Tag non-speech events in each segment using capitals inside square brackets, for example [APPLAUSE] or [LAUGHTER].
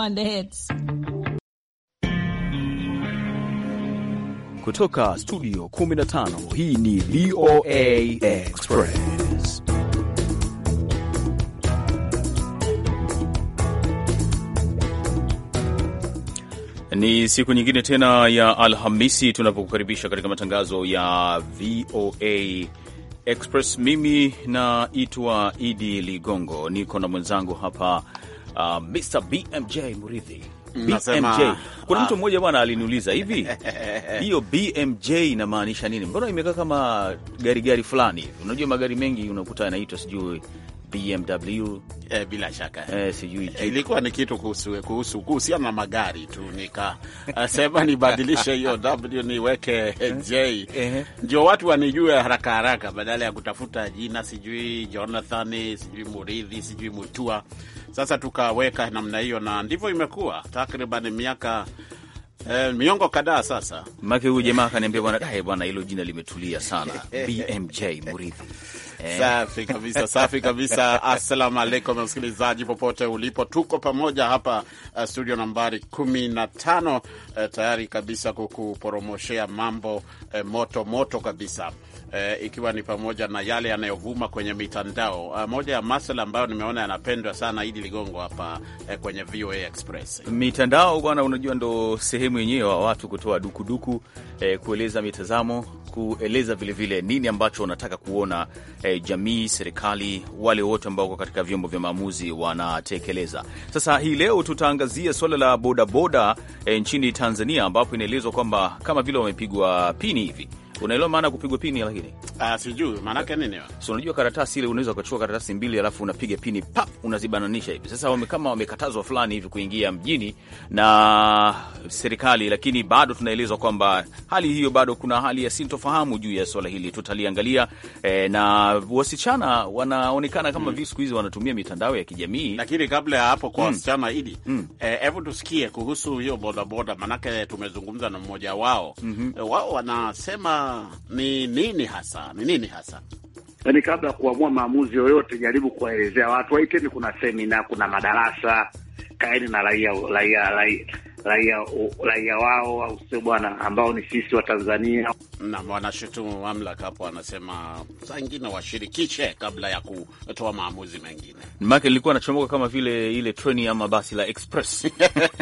The hits. Kutoka studio 15 hii ni VOA Express. Ni siku nyingine tena ya Alhamisi tunapokukaribisha katika matangazo ya VOA Express. Mimi naitwa Idi Ligongo, niko na mwenzangu hapa uh, Mr BMJ Murithi. BMJ. Kuna mtu ah. mmoja bwana aliniuliza hivi, [LAUGHS] hiyo BMJ inamaanisha nini? Mbona imekaa kama garigari fulani? Unajua magari mengi unakuta yanaitwa sijui BMW e, eh, bila shaka e, sijui eh, ilikuwa ni kitu kuhusu kuhusu kuhusiana na magari tu, nikasema nibadilishe hiyo W niweke J ndio watu wanijue haraka haraka, badala ya kutafuta jina sijui Jonathan sijui Muridhi sijui Mutua. Sasa tukaweka namna hiyo na ndivyo imekuwa takriban miaka Eh, miongo kadhaa sasa. Maki huyu jamaa akaniambia bwana, dai bwana hilo jina limetulia sana BMJ Muridhi. [LAUGHS] Eh. Safi kabisa, safi kabisa. [LAUGHS] Assalamu alaikum, msikilizaji popote ulipo, tuko pamoja hapa uh, studio nambari kumi na tano uh, tayari kabisa kukuporomoshea mambo uh, moto moto kabisa uh, ikiwa ni pamoja na yale yanayovuma kwenye mitandao uh, moja ya masuala ambayo nimeona yanapendwa sana Idi Ligongo hapa uh, kwenye VOA Express. Mitandao bwana, unajua ndo sehemu yenyewe wa watu kutoa dukuduku, uh, kueleza mitazamo, kueleza vilevile vile nini ambacho unataka kuona uh, eh, jamii, serikali, wale wote ambao wako katika vyombo vya maamuzi wanatekeleza. Sasa hii leo tutaangazia suala la bodaboda eh, nchini Tanzania ambapo inaelezwa kwamba kama vile wamepigwa pini hivi Unaelewa maana kupigwa pini? Lakini ah, sijui maana yake nini. So unajua karatasi ile unaweza ukachukua karatasi mbili alafu unapiga pini pap, unazibananisha hivi. Sasa wame kama wamekatazwa fulani hivi kuingia mjini na serikali, lakini bado tunaelezwa kwamba hali hiyo bado kuna hali ya sintofahamu juu ya swala hili, tutaliangalia eh, na wasichana wanaonekana kama mm, vile siku hizi wanatumia mitandao ya kijamii. Lakini kabla ya hapo kwa mm, wasichana idi mm, eh, hebu eh, tusikie kuhusu hiyo bodaboda, maanake tumezungumza na mmoja wao mm -hmm. Wao wanasema ni nini hasa, ni nini hasa? Yaani, kabla ya kuamua maamuzi yoyote, jaribu kuwaelezea watu, waiteni, kuna semina, kuna madarasa, kaeni na raia raia raia raia raia wao, au sio bwana, ambao ni sisi wa Tanzania. Naam, wanashutumu mamlaka hapo, wanasema saa ingine washirikishe kabla ya kutoa maamuzi mengine, maake lilikuwa nachomoka kama vile ile treni ama basi la express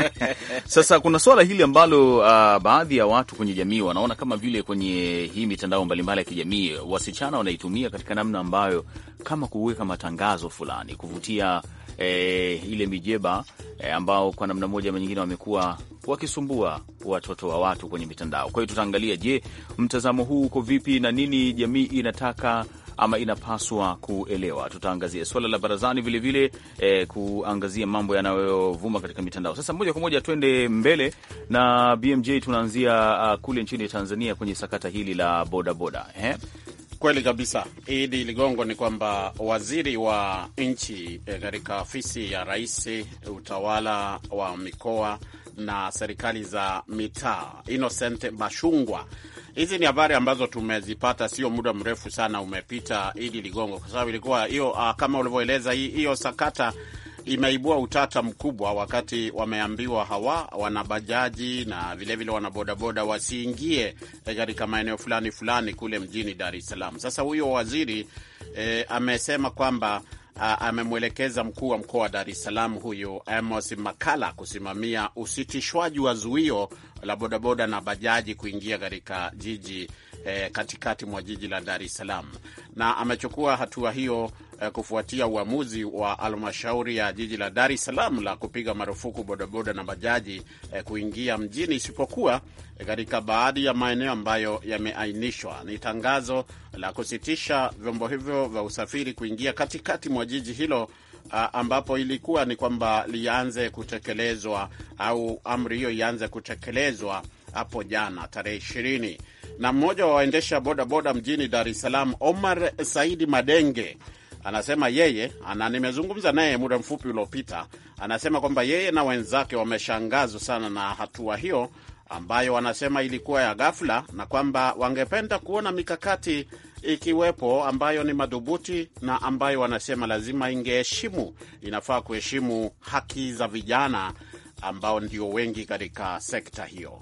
[LAUGHS] Sasa kuna swala hili ambalo uh, baadhi ya watu kwenye jamii wanaona kama vile kwenye hii mitandao mbalimbali ya kijamii wasichana wanaitumia katika namna ambayo kama kuweka matangazo fulani kuvutia e, ile mijeba e, ambao kwa namna moja ama nyingine wamekuwa wakisumbua watoto wa watu kwenye mitandao. Kwa hiyo tutaangalia, je, mtazamo huu uko vipi na nini jamii inataka ama inapaswa kuelewa. Tutaangazia swala la barazani vilevile vile, eh, kuangazia mambo yanayovuma katika mitandao. Sasa moja kwa moja tuende mbele na BMJ, tunaanzia uh, kule nchini Tanzania kwenye sakata hili la bodaboda boda. Eh? Kweli kabisa, Idi Ligongo, ni kwamba waziri wa nchi eh, katika e, ofisi ya rais, eh, utawala wa mikoa na serikali za mitaa, Innocent Bashungwa. Hizi ni habari ambazo tumezipata, sio muda mrefu sana umepita, Idi Ligongo, kwa sababu ilikuwa hiyo ah, kama ulivyoeleza hiyo sakata imeibua utata mkubwa wakati wameambiwa hawa wanabajaji na vilevile wanabodaboda wasiingie eh, katika maeneo fulani fulani kule mjini Dar es Salaam. Sasa huyo waziri e, amesema kwamba amemwelekeza mkuu wa mkoa wa Dar es Salaam huyu Amos Makala kusimamia usitishwaji wa zuio la bodaboda na bajaji kuingia katika jiji eh, katikati mwa jiji la Dar es Salaam, na amechukua hatua hiyo eh, kufuatia uamuzi wa halmashauri ya jiji la Dar es Salaam la kupiga marufuku bodaboda na bajaji eh, kuingia mjini isipokuwa katika baadhi ya maeneo ambayo yameainishwa. Ni tangazo la kusitisha vyombo hivyo vya usafiri kuingia katikati mwa jiji hilo ah, ambapo ilikuwa ni kwamba lianze kutekelezwa au amri hiyo ianze kutekelezwa hapo jana tarehe ishirini na mmoja wa waendesha bodaboda mjini Dar es Salaam, Omar Saidi Madenge anasema yeye ana, nimezungumza naye muda mfupi uliopita, anasema kwamba yeye na wenzake wameshangazwa sana na hatua hiyo ambayo wanasema ilikuwa ya ghafla na kwamba wangependa kuona mikakati ikiwepo ambayo ni madhubuti na ambayo wanasema lazima ingeheshimu, inafaa kuheshimu haki za vijana ambao ndio wengi katika sekta hiyo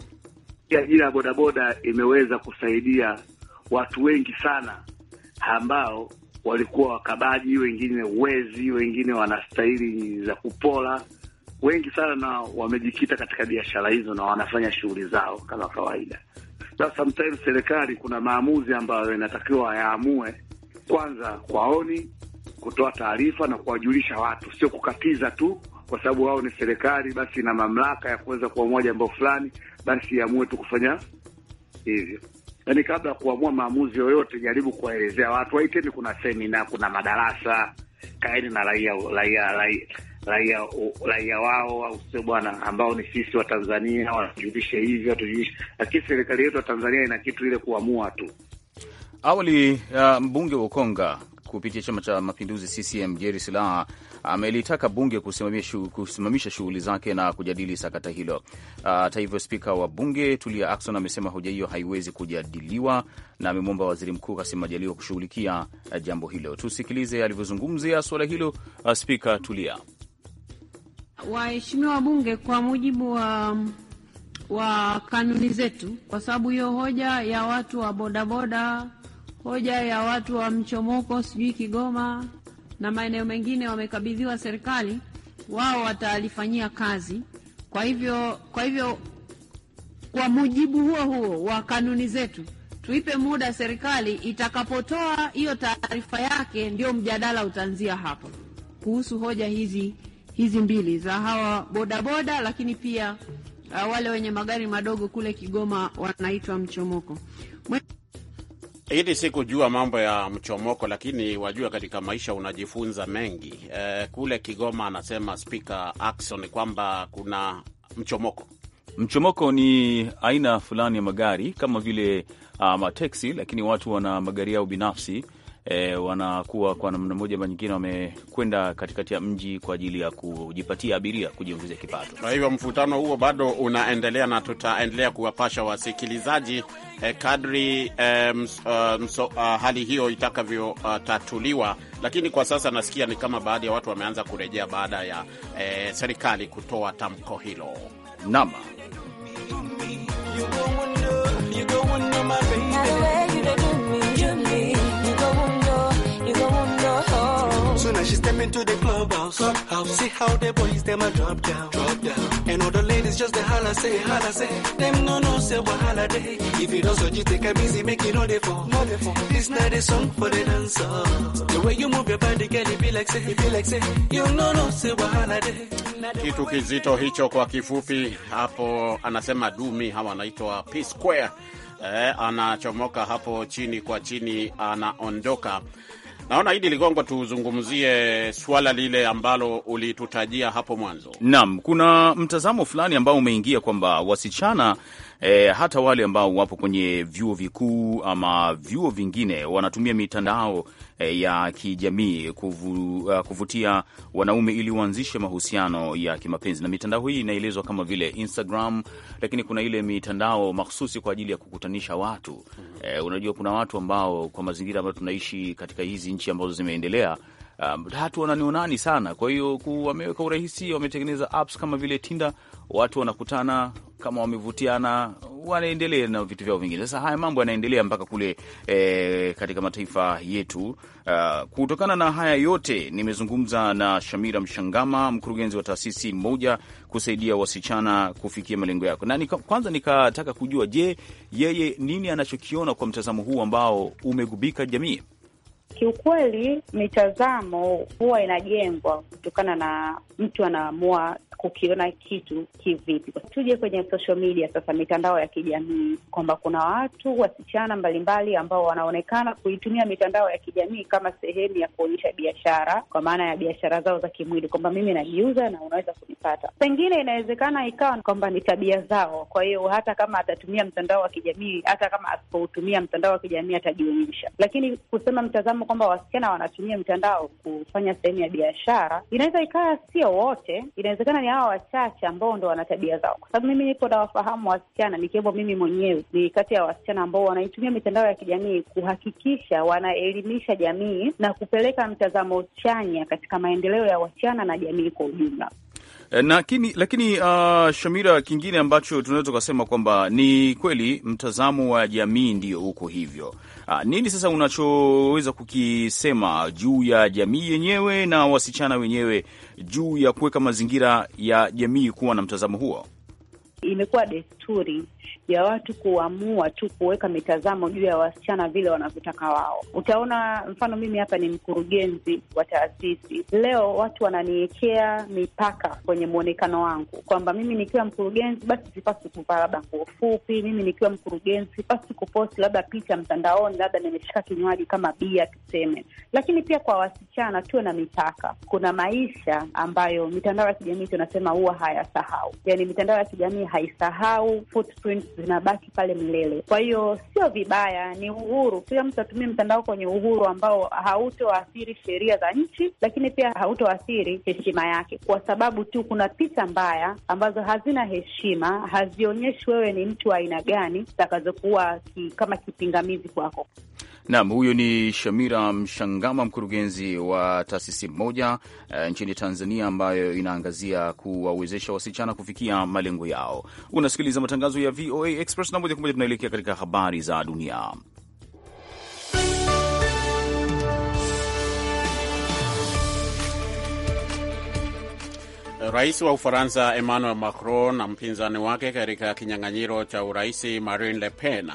ajira ya bodaboda imeweza kusaidia watu wengi sana ambao walikuwa wakabaji, wengine wezi, wengine wanastahili za kupola, wengi sana, na wamejikita katika biashara hizo na wanafanya shughuli zao kama kawaida. Sasa sometimes serikali kuna maamuzi ambayo inatakiwa yaamue kwanza kwaoni, kutoa taarifa na kuwajulisha watu, sio kukatiza tu kwa sababu wao ni serikali, basi ina mamlaka ya kuweza kuamua jambo fulani, basi iamue tu kufanya hivyo. Yaani, kabla ya kuamua maamuzi yoyote, jaribu kuwaelezea watu. Waiteni, kuna semina, kuna madarasa, kaeni na raia raia raia raia raia wao, au sio bwana, ambao ni sisi wa Tanzania, wanatujulishe hivyo, watujulishe. Lakini serikali yetu ya Tanzania ina kitu ile kuamua tu. Awali uh, mbunge wa Ukonga kupitia Chama cha Mapinduzi CCM Jerry Silaa amelitaka bunge kusimamisha shughuli zake na kujadili sakata hilo. Ah, hata hivyo, spika wa bunge Tulia Ackson amesema hoja hiyo haiwezi kujadiliwa na amemwomba waziri mkuu Kassim Majaliwa kushughulikia eh, jambo hilo. Tusikilize alivyozungumzia suala hilo ah, spika Tulia. Waheshimiwa wabunge, kwa mujibu wa wa kanuni zetu, kwa sababu hiyo hoja ya watu wa bodaboda, hoja ya watu wa mchomoko, sijui Kigoma, na maeneo mengine wamekabidhiwa serikali, wao watalifanyia kazi. Kwa hivyo, kwa hivyo kwa mujibu huo huo wa kanuni zetu tuipe muda serikali itakapotoa hiyo taarifa yake, ndio mjadala utaanzia hapo kuhusu hoja hizi hizi mbili za hawa bodaboda, lakini pia uh, wale wenye magari madogo kule Kigoma wanaitwa mchomoko Mwe ili si kujua mambo ya mchomoko, lakini wajua, katika maisha unajifunza mengi. E, kule Kigoma anasema Spika Akson kwamba kuna mchomoko. Mchomoko ni aina fulani ya magari kama vile uh, mateksi, lakini watu wana magari yao binafsi e, wanakuwa kwa namna moja ama nyingine wamekwenda katikati ya mji kwa ajili ya kujipatia abiria, kujiongezea kipato. Kwa hivyo mvutano huo bado unaendelea na tutaendelea kuwapasha wasikilizaji e, kadri e, ms, uh, mso, uh, hali hiyo itakavyotatuliwa. Uh, lakini kwa sasa nasikia ni kama baadhi ya watu wameanza kurejea baada ya e, serikali kutoa tamko hilo. Naam. into the clubhouse. clubhouse. See how the boys them a drop down. drop down. And all the ladies just the holla say, holla say. Them no no say wahala day. If you don't so you take a busy, making all the fun. No day for. This night a song for the dancer. The way you move your body, girl, it be like say, it be like say. You no no say wahala day. Kitu kizito hicho kwa kifupi hapo, anasema Dumi, hawa anaitwa P Square. Eh, anachomoka hapo chini kwa chini, anaondoka Naona Idi Ligongo, tuzungumzie swala lile ambalo ulitutajia hapo mwanzo. Naam, kuna mtazamo fulani ambao umeingia kwamba wasichana E, hata wale ambao wapo kwenye vyuo vikuu ama vyuo vingine wanatumia mitandao Eh, ya kijamii kuvu, eh, kuvutia wanaume ili uanzishe mahusiano ya kimapenzi, na mitandao hii inaelezwa kama vile Instagram, lakini kuna ile mitandao mahususi kwa ajili ya kukutanisha watu mm -hmm. E, unajua kuna watu ambao kwa mazingira ambayo tunaishi katika hizi nchi ambazo zimeendelea Um, hatu wananionani sana, kwa hiyo wameweka urahisi, wametengeneza apps kama vile Tinder watu wanakutana kama wamevutiana, wanaendelea na vitu vyao vingine. Sasa haya mambo yanaendelea mpaka kule e, katika mataifa yetu. Uh, kutokana na haya yote, nimezungumza na Shamira Mshangama, mkurugenzi wa taasisi moja kusaidia wasichana kufikia malengo yako, na nika, kwanza nikataka kujua, je, yeye nini anachokiona kwa mtazamo huu ambao umegubika jamii? Kiukweli mitazamo huwa inajengwa kutokana na mtu anaamua kukiona kitu kivipi. Tuje kwenye social media sasa, mitandao ya kijamii, kwamba kuna watu wasichana mbalimbali ambao wanaonekana kuitumia mitandao ya kijamii kama sehemu ya kuonyesha biashara, kwa maana ya biashara zao za kimwili, kwamba mimi najiuza na unaweza kunipata. Pengine inawezekana ikawa kwamba ni tabia zao, kwa hiyo hata kama atatumia mtandao wa kijamii, hata kama asipoutumia mtandao wa kijamii atajionyesha. Lakini kusema mtazamo kwamba wasichana wanatumia mtandao kufanya sehemu ya biashara, inaweza ikawa sio wote, inawezekana ni hawa wachache ambao ndo wana tabia zao, kwa sababu mimi nipo nawafahamu wasichana, nikiwemo mimi mwenyewe ni kati ya wasichana ambao wanaitumia mitandao ya kijamii kuhakikisha wanaelimisha jamii na kupeleka mtazamo chanya katika maendeleo ya wasichana na jamii kwa ujumla. Eh, lakini lakini uh, Shamira, kingine ambacho tunaweza tukasema kwamba ni kweli mtazamo wa jamii ndio huko hivyo Ah, nini sasa unachoweza kukisema juu ya jamii yenyewe na wasichana wenyewe juu ya kuweka mazingira ya jamii kuwa na mtazamo huo? Imekuwa desturi ya watu kuamua tu kuweka mitazamo juu ya wasichana vile wanavyotaka wao. Utaona mfano, mimi hapa ni mkurugenzi wa taasisi. Leo watu wananiwekea mipaka kwenye mwonekano wangu, kwamba mimi nikiwa mkurugenzi basi sipasi kuvaa labda nguo fupi, mimi nikiwa mkurugenzi sipasi kuposti labda picha mtandaoni, labda nimeshika kinywaji kama bia tuseme. Lakini pia kwa wasichana tuwe na mipaka. Kuna maisha ambayo mitandao ya kijamii tunasema huwa hayasahau, yani mitandao ya kijamii haisahau footprint zinabaki pale milele. Kwa hiyo sio vibaya, ni uhuru. Kila mtu atumie mtandao kwenye uhuru ambao hautoathiri sheria za nchi, lakini pia hautoathiri heshima yake, kwa sababu tu kuna picha mbaya ambazo hazina heshima, hazionyeshi wewe ni mtu wa aina gani, zitakazokuwa ki, kama kipingamizi kwako. Naam, huyu ni Shamira Mshangama, mkurugenzi wa taasisi moja e, nchini Tanzania ambayo inaangazia kuwawezesha wasichana kufikia malengo yao. Unasikiliza matangazo ya v VOA Express na moja kwa moja tunaelekea katika habari za dunia. Rais wa Ufaransa Emmanuel Macron na mpinzani wake katika kinyang'anyiro cha uraisi Marine Le Pen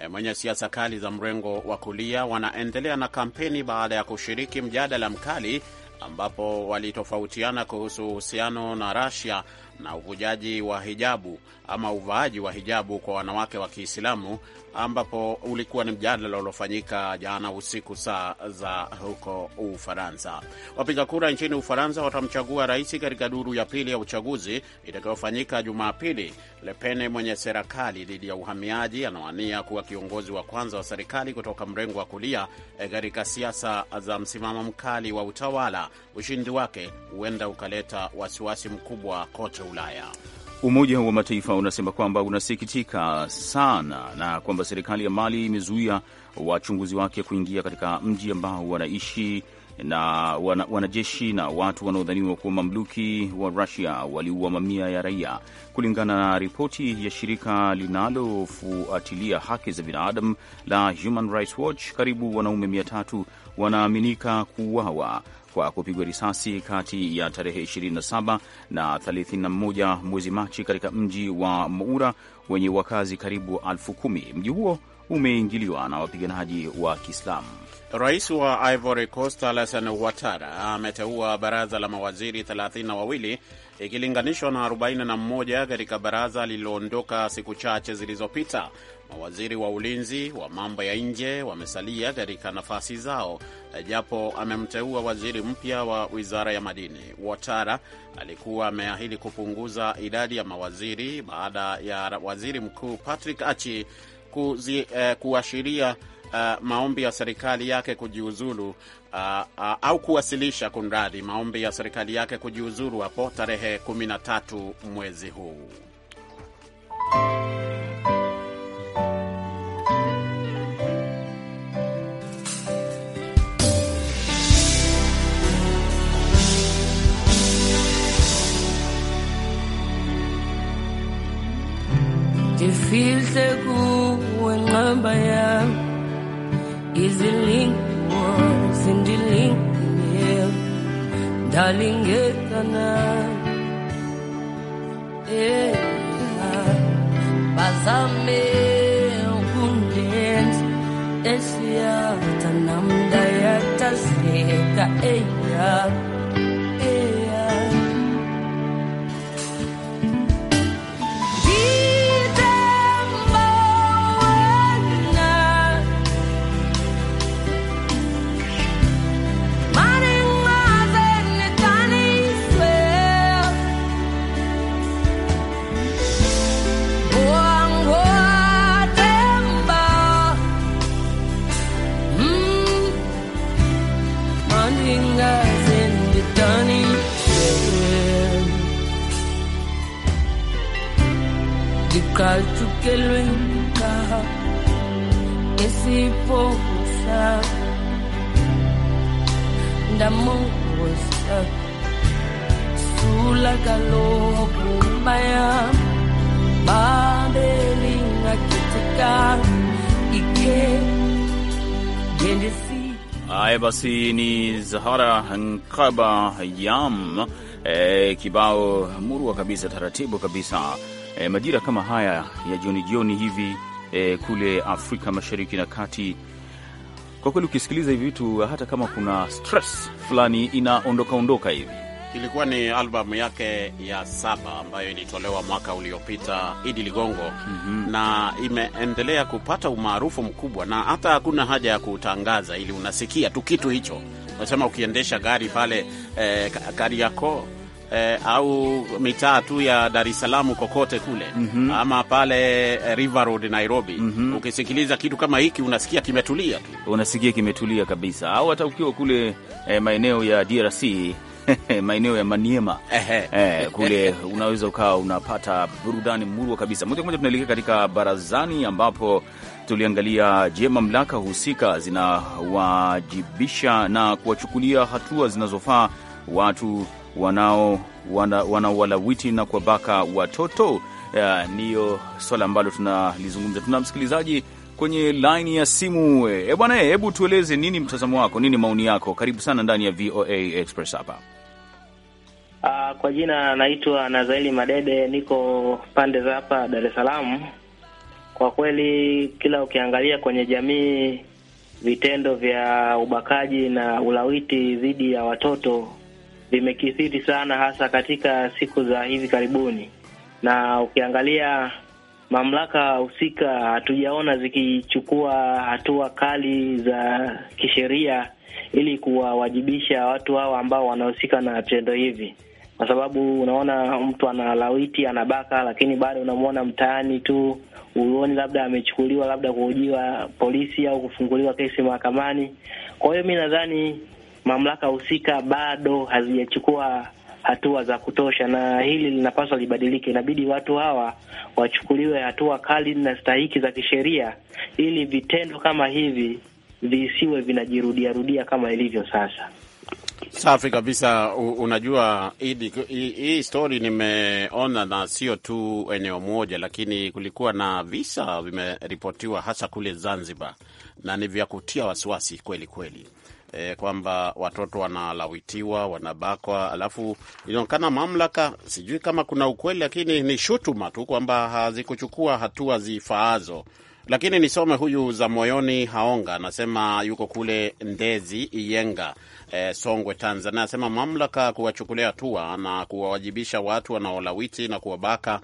eh, mwenye siasa kali za mrengo wa kulia wanaendelea na kampeni baada ya kushiriki mjadala mkali ambapo walitofautiana kuhusu uhusiano na Russia na uvujaji wa hijabu ama uvaaji wa hijabu kwa wanawake wa Kiislamu, ambapo ulikuwa ni mjadala uliofanyika jana usiku saa za huko Ufaransa. Wapiga kura nchini Ufaransa watamchagua rais katika duru ya pili ya uchaguzi itakayofanyika Jumapili. Le mwenye serikali dhidi ya uhamiaji anawania kuwa kiongozi wa kwanza wa serikali kutoka mrengo wa kulia eh, katika siasa za msimamo mkali wa utawala. Ushindi wake huenda ukaleta wasiwasi mkubwa kote za Ulaya. Umoja wa Mataifa unasema kwamba unasikitika sana na kwamba serikali ya Mali imezuia wachunguzi wake kuingia katika mji ambao wanaishi na wana, wanajeshi na watu wanaodhaniwa kuwa mamluki wa Rusia waliua mamia ya raia, kulingana na ripoti ya shirika linalofuatilia haki za binadamu la Human Rights Watch. Karibu wanaume mia tatu wanaaminika kuuawa kwa kupigwa risasi kati ya tarehe 27 na 31 mwezi Machi katika mji wa Moura wenye wakazi karibu elfu kumi. Mji huo umeingiliwa na wapiganaji wa Kiislamu. Rais wa Ivory Coast Alassane Ouattara ameteua baraza la mawaziri 32 ikilinganishwa na 41 katika baraza lililoondoka siku chache zilizopita. Mawaziri wa ulinzi wa mambo ya nje wamesalia katika nafasi zao, japo amemteua waziri mpya wa wizara ya madini. Watara alikuwa ameahidi kupunguza idadi ya mawaziri baada ya waziri mkuu Patrick Achi kuzi, eh, kuashiria Uh, maombi ya serikali yake kujiuzulu uh, uh, au kuwasilisha kunradi maombi ya serikali yake kujiuzulu hapo tarehe 13 mwezi huu. ifilhle kuwe nqamba yami izilingo zindilinge ndalingekana bazame ukundenza esiyata nam ndayatazeka eya Haya basi, ni Zahara Nkaba Yam e, kibao murua kabisa, taratibu kabisa e, majira kama haya ya jioni jioni hivi e, kule Afrika Mashariki na Kati. Kwa kweli ukisikiliza hivi vitu hata kama kuna stress fulani inaondoka ondoka hivi Ilikuwa ni albamu yake ya saba ambayo ilitolewa mwaka uliopita, Idi Ligongo. mm -hmm. Na imeendelea kupata umaarufu mkubwa, na hata hakuna haja ya kutangaza, ili unasikia tu kitu hicho. Unasema ukiendesha gari pale eh, Kariakoo eh, au mitaa tu ya Dar es Salaam kokote kule mm -hmm. ama pale eh, River Road Nairobi mm -hmm. ukisikiliza kitu kama hiki unasikia kimetulia tu, unasikia kimetulia kabisa, au hata ukiwa kule eh, maeneo ya DRC [LAUGHS] maeneo ya Maniema eh, kule unaweza ukawa unapata burudani murwa kabisa. Moja kwa moja tunaelekea katika barazani, ambapo tuliangalia, je, mamlaka husika zinawajibisha na kuwachukulia hatua zinazofaa watu wanao wanaowalawiti wana na kuwabaka watoto? Uh, swala ambalo tunalizungumza. Tuna msikilizaji kwenye laini ya simu. E bwana, hebu tueleze nini mtazamo wako, nini maoni yako? Karibu sana ndani ya VOA Express hapa. Uh, kwa jina naitwa Nazaeli Madede, niko pande za hapa Dar es Salaam. Kwa kweli kila ukiangalia kwenye jamii vitendo vya ubakaji na ulawiti dhidi ya watoto vimekithiri sana, hasa katika siku za hivi karibuni, na ukiangalia mamlaka husika hatujaona zikichukua hatua kali za kisheria ili kuwawajibisha watu hao ambao wanahusika na vitendo hivi, kwa sababu unaona mtu analawiti, anabaka, lakini bado unamwona mtaani tu, huoni labda amechukuliwa labda kuhojiwa polisi au kufunguliwa kesi mahakamani. Kwa hiyo mi nadhani mamlaka husika bado hazijachukua hatua za kutosha, na hili linapaswa libadilike. Inabidi watu hawa wachukuliwe hatua kali na stahiki za kisheria, ili vitendo kama hivi visiwe vinajirudiarudia kama ilivyo sasa. Safi kabisa. Unajua Idi, hii stori nimeona, na sio tu eneo moja, lakini kulikuwa na visa vimeripotiwa hasa kule Zanzibar, na ni vya kutia wasiwasi kweli kweli e, kwamba watoto wanalawitiwa, wanabakwa, alafu inaonekana mamlaka, sijui kama kuna ukweli, lakini ni shutuma tu kwamba hazikuchukua hatua zifaazo. Lakini nisome huyu za moyoni Haonga, anasema yuko kule Ndezi Iyenga, e, Songwe, Tanzania. Anasema mamlaka kuwachukulia hatua na kuwawajibisha watu wanaolawiti na kuwabaka.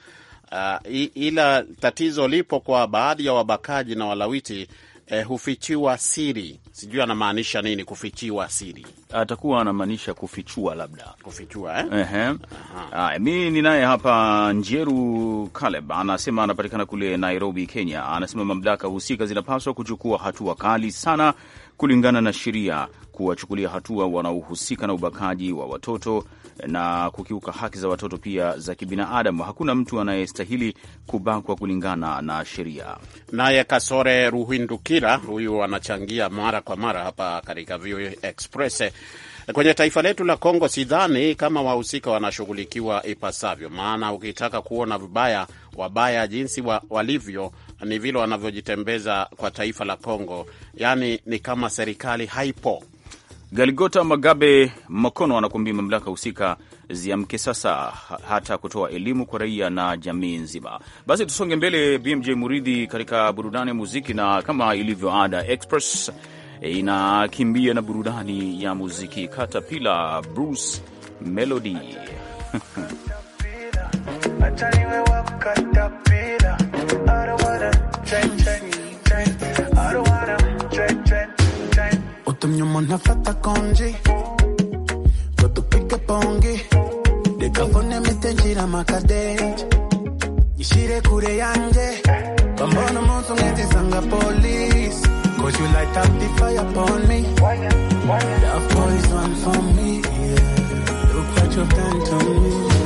Uh, ila tatizo lipo kwa baadhi ya wabakaji na walawiti eh, hufichiwa siri. Sijui anamaanisha nini kufichiwa siri, atakuwa anamaanisha kufichua, labda kufichua, eh? Ehe. mi ni naye hapa Njeru Kaleb anasema, anapatikana kule Nairobi, Kenya. Anasema mamlaka husika zinapaswa kuchukua hatua kali sana kulingana na sheria, kuwachukulia hatua wanaohusika na ubakaji wa watoto na kukiuka haki za watoto pia za kibinadamu. Hakuna mtu anayestahili kubakwa kulingana na sheria. Naye Kasore Ruhindukira, huyu anachangia mara kwa mara hapa katika VOA Express. Kwenye taifa letu la Kongo sidhani kama wahusika wanashughulikiwa ipasavyo, maana ukitaka kuona vibaya wabaya jinsi wa, walivyo ni vile wanavyojitembeza kwa taifa la Kongo, yaani ni kama serikali haipo. Galigota Magabe Makono anakuambia mamlaka husika ziamke sasa, hata kutoa elimu kwa raia na jamii nzima. Basi tusonge mbele, BMJ Muridhi, katika burudani ya muziki, na kama ilivyo ada, Express inakimbia na burudani ya muziki. Katapila Bruce Melody [LAUGHS] nyuma nafata konji twa tupike pongi reka mbone mite ngira amakadenje ishire kure yanjye bambona umunsi umwe nzisanga polisi cause you light up the fire upon me that poison for me yeah. look what you've done to me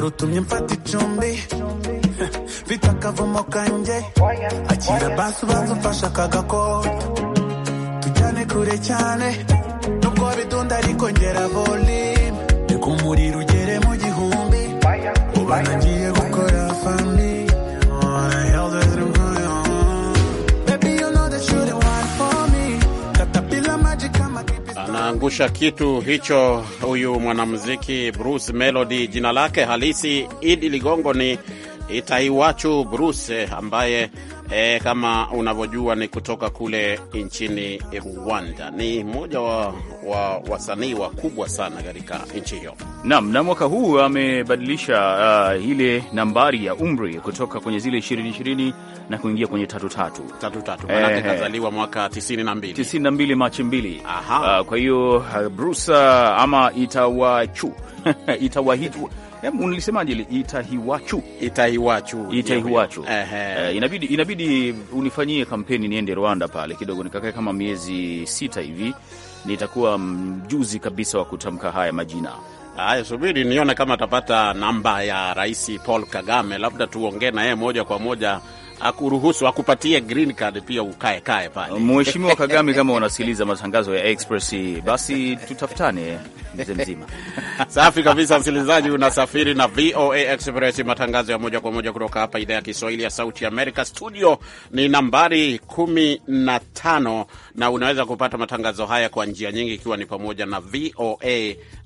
Ijoro utumye mfata icumbi mfite akavomo kanje akira basi ubanza umfasha akagakora tujyane kure cyane nubwo bidunda ariko ngera volime reka umuriro ugere mu gihumbi uba nangiye kukumbusha kitu hicho, huyu mwanamuziki Bruce Melody, jina lake halisi Idi Ligongo ni Itaiwachu Bruce, ambaye E, kama unavyojua ni kutoka kule nchini Rwanda. Ni mmoja wa, wa wasanii wakubwa sana katika nchi hiyo. Naam, na mwaka huu amebadilisha uh, ile nambari ya umri kutoka kwenye zile 2 20 na kuingia kwenye tatu tatu tatu tatu. Eh, eh. kazaliwa mwaka 92 Machi b Aha. Uh, kwa hiyo uh, Bruce uh, ama itawachu [LAUGHS] itawahitu unalisemaje ile itahiwachu itahiwachu itahiwachu, uh, inabidi inabidi unifanyie kampeni niende Rwanda pale kidogo nikakae kama miezi sita hivi, nitakuwa mjuzi kabisa wa kutamka haya majina. Haya, subiri nione kama atapata namba ya Rais Paul Kagame, labda tuongee na yeye moja kwa moja akuruhusu akupatie green card pia ukae kae pale. [LAUGHS] Mheshimiwa Kagame, kama unasikiliza matangazo ya Express, basi tutafutane mzee mzima. [LAUGHS] Safi kabisa, msikilizaji, unasafiri na VOA Express, matangazo ya moja kwa moja kutoka hapa idhaa ya Kiswahili ya Sauti Amerika. Studio ni nambari 15 na tano na unaweza kupata matangazo haya kwa njia nyingi, ikiwa ni pamoja na VOA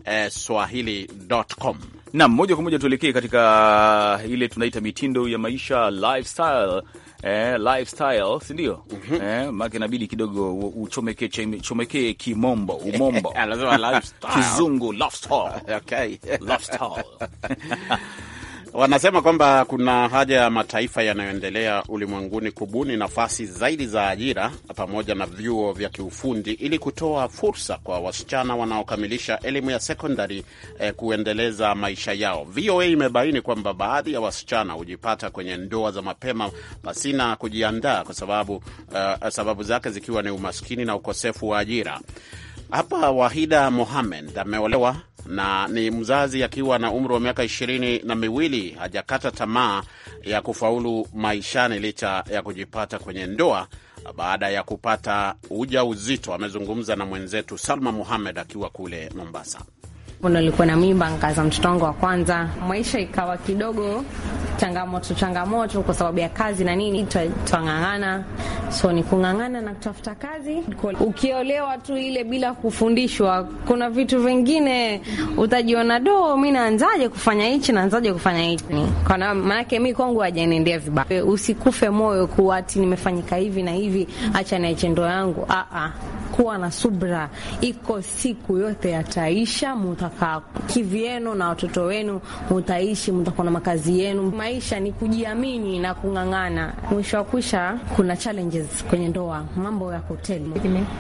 eh, swahili.com Naam, moja kwa moja tuelekee katika ile tunaita mitindo ya maisha lifestyle, eh, lifestyle si ndio? mm -hmm. Eh, maana inabidi kidogo uchomeke chomeke kimombo umombo [LAUGHS] kizungu lifestyle. [LAUGHS] Okay. Lifestyle. [LAUGHS] Wanasema kwamba kuna haja ya mataifa yanayoendelea ulimwenguni kubuni nafasi zaidi za ajira pamoja na vyuo vya kiufundi ili kutoa fursa kwa wasichana wanaokamilisha elimu ya sekondari eh, kuendeleza maisha yao. VOA imebaini kwamba baadhi ya wasichana hujipata kwenye ndoa za mapema pasina kujiandaa kwa sababu, uh, sababu zake zikiwa ni umaskini na ukosefu wa ajira. Hapa Wahida Mohamed ameolewa na ni mzazi akiwa na umri wa miaka ishirini na miwili. Hajakata tamaa ya kufaulu maishani licha ya kujipata kwenye ndoa baada ya kupata uja uzito Amezungumza na mwenzetu Salma muhamed akiwa kule Mombasa. Nilikuwa na mimba nikaza mtoto wangu wa kwanza, maisha ikawa kidogo changamoto changamoto kwa sababu ya kazi na nini, twang'ang'ana. So ni kung'ang'ana na kutafuta kazi. Ukiolewa tu ile bila kufundishwa, kuna vitu vingine utajiona do, mi naanzaje kufanya hichi, naanzaje kufanya hichi. Maanake mi kwangu hajaniendea vibaya. E, usikufe moyo kuwa ati nimefanyika hivi na hivi, acha niache ndoa yangu. Aa, kuwa na subra, iko siku yote yataisha. Mutakaa kivyenu na watoto wenu, mutaishi, mutakuwa na makazi yenu maisha ni kujiamini na kung'ang'ana. Mwisho wa kwisha, kuna challenges kwenye ndoa, mambo ya hoteli.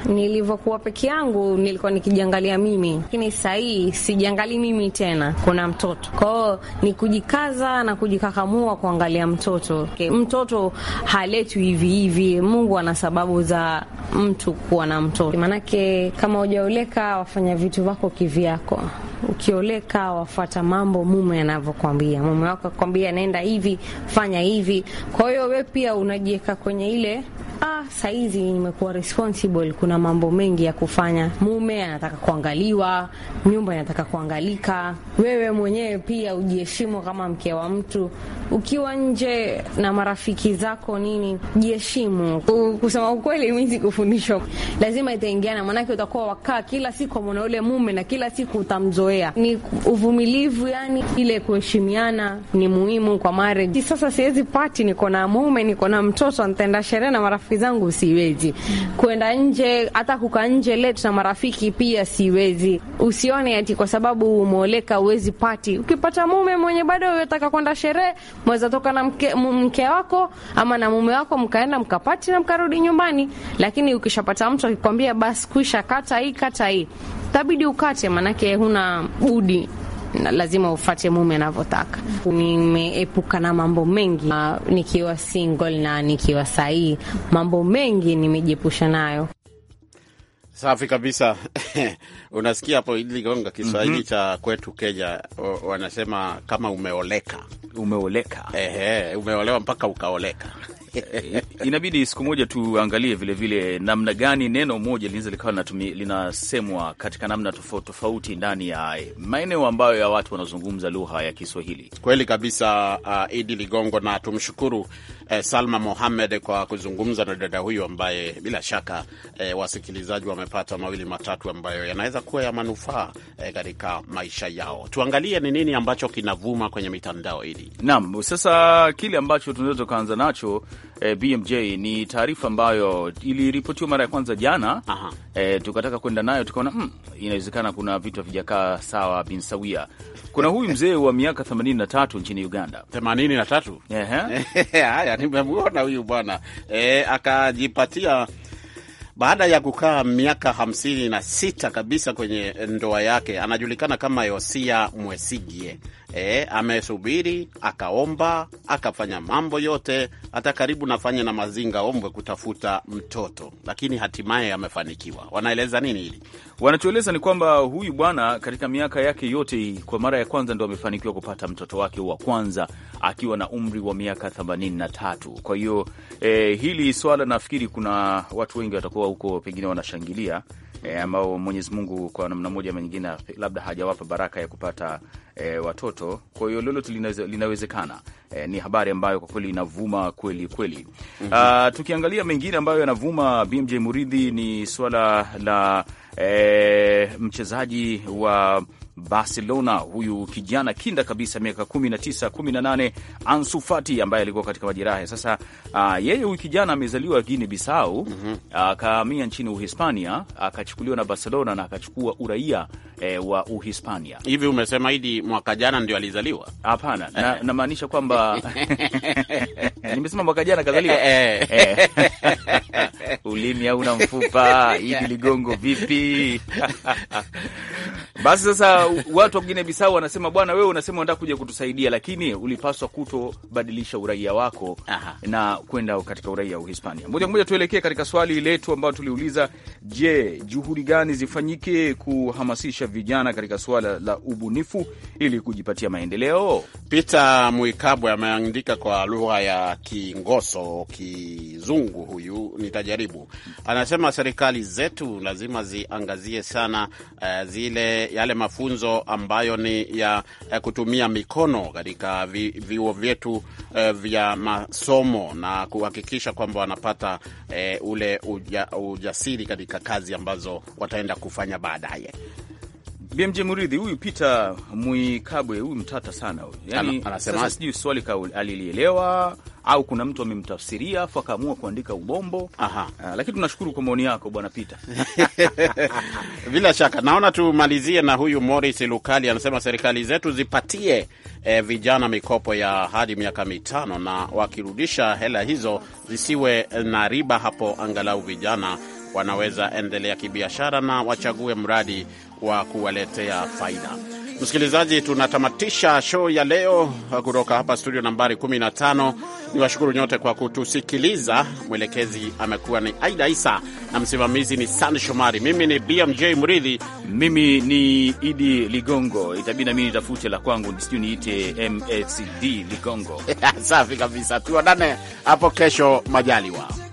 Nilivyokuwa peke yangu nilikuwa nikijiangalia mimi, lakini sahii sijiangali mimi tena, kuna mtoto. Kwa hiyo ni kujikaza na kujikakamua kuangalia mtoto. Okay, Mtoto haletwi hivi hivi, Mungu ana sababu za mtu kuwa na mtoto, maanake kama hujaoleka wafanya vitu vako kivyako, ukioleka wafata mambo mume anavyokwambia, mume wako akwambia nenda nenda hivi, fanya hivi. Kwa hiyo we pia unajiweka kwenye ile ah, saizi nimekuwa responsible, kuna mambo mengi ya kufanya. Mume anataka kuangaliwa, nyumba inataka kuangalika, wewe mwenyewe pia ujiheshimu kama mke wa mtu. Ukiwa nje na marafiki zako nini, jiheshimu. Kusema ukweli, mimi sikufundishwa, lazima itaingiana, maanake utakuwa wakaa kila siku mwana ule mume na kila siku utamzoea. Ni uvumilivu, yani ile kuheshimiana ni muhimu kwa marriage. Sasa siwezi party, niko na mume, niko na mtoto, nitaenda sherehe na marafiki zangu, siwezi kwenda nje, hata kuka nje leo na marafiki pia siwezi. Usione ati kwa sababu umeoleka uwezi party. Ukipata mume mwenye bado unataka kwenda sherehe, mweza toka na mke, mke wako ama na mume wako mkaenda mkapati na mkarudi nyumbani. Lakini ukishapata mtu akikwambia basi kuisha, kata hii kata hii, tabidi ukate, manake huna budi lazima ufate mume anavyotaka. Nimeepuka na mambo mengi uh, nikiwa single na nikiwa sahii, mambo mengi nimejiepusha nayo. Safi kabisa. [LAUGHS] Unasikia hapo iligonga Kiswahili mm -hmm. cha kwetu Kenya o, wanasema kama umeoleka umeoleka, ehe, umeolewa mpaka ukaoleka [LAUGHS] inabidi siku moja tuangalie vilevile namna gani neno moja linaweza likawa linasemwa katika namna tofauti tofauti ndani ya maeneo ambayo ya watu wanazungumza lugha ya Kiswahili. Kweli kabisa, uh, Idi Ligongo, na tumshukuru eh, Salma Mohamed kwa kuzungumza na dada huyu ambaye bila shaka eh, wasikilizaji wamepata mawili matatu ambayo yanaweza kuwa ya manufaa eh, katika maisha yao. Tuangalie ni nini ambacho kinavuma kwenye mitandao Idi. Naam, sasa kile ambacho tunaweza tukaanza nacho eh, BMJ ni taarifa ambayo iliripotiwa mara ya kwanza jana eh, tukataka kwenda nayo tukaona, mm, inawezekana kuna vitu havijakaa sawa bin sawia. Kuna huyu mzee wa miaka 83 nchini Uganda, 83 [LAUGHS] haya, nimemwona huyu bwana eh, akajipatia baada ya kukaa miaka hamsini na sita kabisa kwenye ndoa yake. Anajulikana kama Yosia Mwesigye E, amesubiri akaomba akafanya mambo yote, hata karibu nafanya na mazinga ombwe kutafuta mtoto, lakini hatimaye amefanikiwa. Wanaeleza nini hili? Wanachoeleza ni kwamba huyu bwana katika miaka yake yote hii kwa mara ya kwanza ndo amefanikiwa kupata mtoto wake wa kwanza akiwa na umri wa miaka 83. Kwa hiyo eh, hili swala nafikiri kuna watu wengi watakuwa huko pengine wanashangilia e, ambao Mwenyezi Mungu kwa namna moja ama nyingine labda hajawapa baraka ya kupata e, watoto. Kwa hiyo lolote linawezekana. E, ni habari ambayo kwa kweli inavuma kweli kweli. mm -hmm. Tukiangalia mengine ambayo yanavuma BMJ Muridhi, ni suala la e, mchezaji wa Barcelona, huyu kijana kinda kabisa miaka 19 18, Ansu Fati ambaye alikuwa katika majeraha. Sasa uh, yeye huyu kijana amezaliwa Guinea Bissau mhm. akahamia mm -hmm. uh, nchini Uhispania akachukuliwa uh, na Barcelona na akachukua uraia eh, wa Uhispania. Hivi umesema hidi mwaka jana ndio alizaliwa? Hapana, na eh. namaanisha kwamba [LAUGHS] nimesema mwaka jana kazaliwa eh, eh. [LAUGHS] ulimi au na mfupa. hidi Ligongo, vipi? [LAUGHS] basi sasa [LAUGHS] watu wengine Bisau wanasema bwana, wewe unasema unataka kuja kutusaidia, lakini ulipaswa kutobadilisha uraia wako Aha. na kwenda katika uraia wa Uhispania. Moja kwa moja tuelekee katika swali letu ambayo tuliuliza, je, juhudi gani zifanyike kuhamasisha vijana katika suala la ubunifu ili kujipatia maendeleo? Peter Mwikabwe ameandika kwa lugha ya Kingoso, Kizungu huyu nitajaribu. Anasema serikali zetu lazima ziangazie sana uh, zile yale mafunzo mafunzo ambayo ni ya eh, kutumia mikono katika vi, vyetu eh, vya masomo na kuhakikisha kwamba wanapata eh, ule uja, ujasiri katika kazi ambazo wataenda kufanya baadaye. BMJ Muridhi, huyu Peter Mwikabwe, huyu mtata sana huyu. Yani, sasa sijui swali alilielewa au kuna mtu amemtafsiria afu akaamua kuandika ubombo. Aha. Uh, lakini tunashukuru kwa maoni yako bwana Peter. [LAUGHS] Bila shaka naona tumalizie na huyu Morris Lukali anasema serikali zetu zipatie eh, vijana mikopo ya hadi miaka mitano na wakirudisha hela hizo zisiwe eh, na riba, hapo angalau vijana wanaweza endelea kibiashara na wachague mradi kwa kuwaletea faida. Msikilizaji, tunatamatisha show ya leo kutoka hapa studio nambari 15. Ni washukuru nyote kwa kutusikiliza. Mwelekezi amekuwa ni Aida Isa na msimamizi ni Sande Shomari. Mimi ni BMJ Mridhi, mimi ni Idi Ligongo. Itabidi nami nitafute la kwangu, sijui niite MSD Ligongo. [LAUGHS] Safi kabisa, tuonane hapo kesho majaliwa.